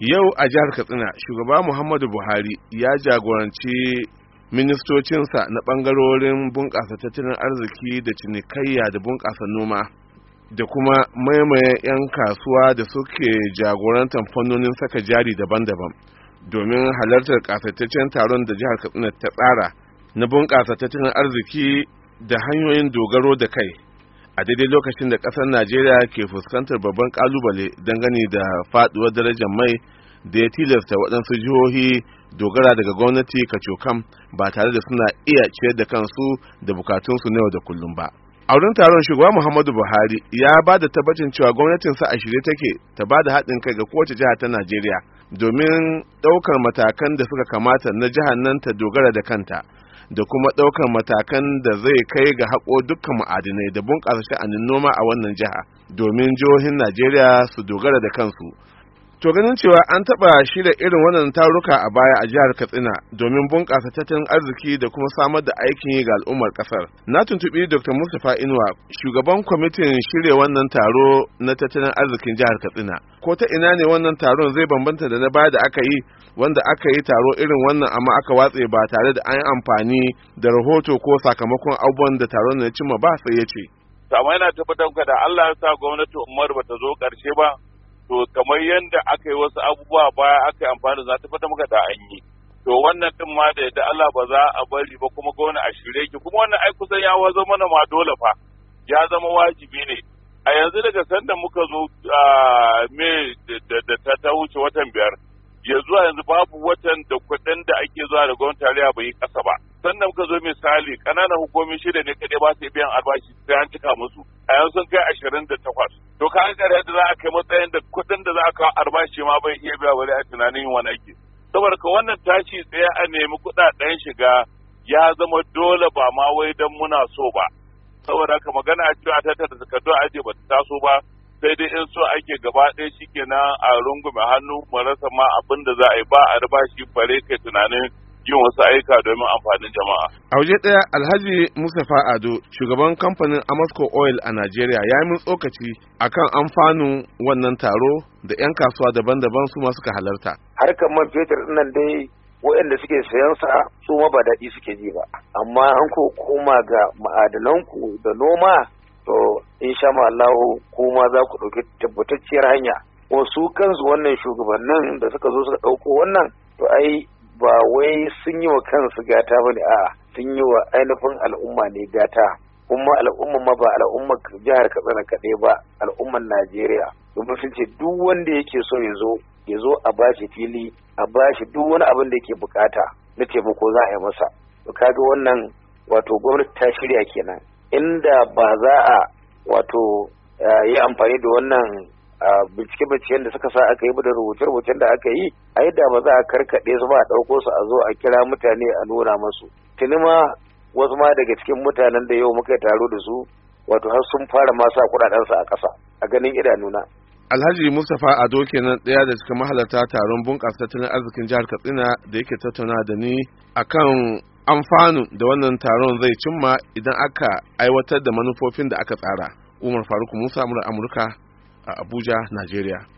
yau a jihar katsina shugaba muhammadu buhari ya jagoranci ministocinsa na bangarorin bunƙasa tattalin arziki da cinikayya da bunƙasa noma da kuma maimaye 'yan kasuwa da suke jagorantar fannonin saka jari daban-daban domin halartar kasataccen taron da jihar katsina ta tsara na bunƙasa tattalin arziki da hanyoyin dogaro da kai a daidai lokacin da kasar najeriya ke fuskantar babban kalubale dangane da faduwar darajar mai da ya tilasta waɗansu jihohi dogara daga gwamnati kacokam ba tare da suna iya ciyar da kansu da bukatunsu na yau da kullum ba Auren taron shugaba muhammadu buhari ya ba da tabbacin cewa gwamnatin gwamnatinsa a shirye take ta ba da haɗin kai ga kowace jiha ta najeriya domin ɗaukar matakan da suka kamata na jihar nan ta dogara da kanta da kuma ɗaukar matakan da zai kai ga haƙo dukkan ma'adinai da bunƙasa sha'anin noma a wannan jiha domin jihohin najeriya su dogara da kansu To ganin cewa an taɓa shirya irin wannan taruka a baya a jihar Katsina domin bunƙasa tattalin arziki da kuma samar da aikin yi ga al'ummar ƙasar. Na tuntuɓi Dr. Mustapha Inuwa, shugaban kwamitin shirya wannan taro na tattalin arzikin jihar Katsina. Ko ta ina ne wannan taron zai bambanta da na baya da aka yi wanda aka yi taro irin wannan amma aka watse ba tare da an yi amfani da rahoto ko sakamakon abubuwan da taron na cimma ba sai ya ce. Sama yana tabbatar da Allah ya sa gwamnati Umar ba ta zo ƙarshe ba to kamar yadda aka yi wasu abubuwa baya aka yi amfani za ta fata muka da an yi to wannan din ma da yadda Allah ba za a bari ba kuma gwamnati a shirye ki kuma wannan ai kusan ya wazo mana ma dole fa ya zama wajibi ne a yanzu daga sanda muka zo me da ta ta wuce watan biyar yanzu yanzu babu watan da kuɗin da ake zuwa da gwamnati tarayya bai yi ƙasa ba sannan muka zo misali kananan hukumomi shida ne kadai ba su biyan albashi sai an cika musu a yanzu sun kai ashirin da takwas to ka an kare yadda za a kai matsayin da kuɗin da za a kawo albashi ma bai iya biya wani a tunanin yin wani ake saboda ka wannan tashi tsaye a nemi kuɗaɗen shiga ya zama dole ba ma wai don muna so ba saboda ka magana a cewa ta da takardu a ajiye ba ta taso ba sai dai in so ake gaba ɗaya shi kenan a rungume hannu mu rasa ma abin da za a yi ba a riba kai tunanin yin wasu ayyuka domin amfanin jama'a. A waje ɗaya Alhaji Mustapha Ado shugaban kamfanin Amasco Oil a Najeriya ya yi min tsokaci a kan amfanin wannan taro da 'yan kasuwa daban-daban su ma suka halarta. Harkar man fetur nan dai waɗanda suke sayan sa su ma ba daɗi suke ji ba amma an ko koma ga ma'adananku da noma to in sha Allahu kuma za ku ɗauki tabbatacciyar hanya wasu kansu wannan shugabannin da suka zo suka ɗauko wannan to ai ba wai sun yi wa kansu gata ba ne a'a sun yi wa ainihin al'umma ne gata kuma al'umma ma ba al'umma jihar katsina kaɗai ba al'umman najeriya domin sun ce duk wanda yake so ya zo ya zo a bashi fili a bashi duk wani abin da yake bukata na taimako za a yi masa ka kaga wannan wato gwamnati ta shirya kenan inda ba za a wato eh, yi amfani da wannan a bincike-binciken da suka sa aka yi da rubuce-rubucen da aka yi a yadda ba za a karkaɗe su ba a ɗauko su a zo a kira mutane a nuna masu tuni ma wasu ma daga cikin mutanen da yau muka taro da su wato har sun fara ma sa su a ƙasa a ganin idanuna Alhaji Mustapha Ado kenan ɗaya da cikin mahalarta taron bunƙasa tattalin arzikin jihar Katsina da yake tattauna da ni akan amfanin da wannan taron zai cimma idan aka aiwatar da manufofin da aka tsara. Umar Faruk Musa Amurka a abuja najeriya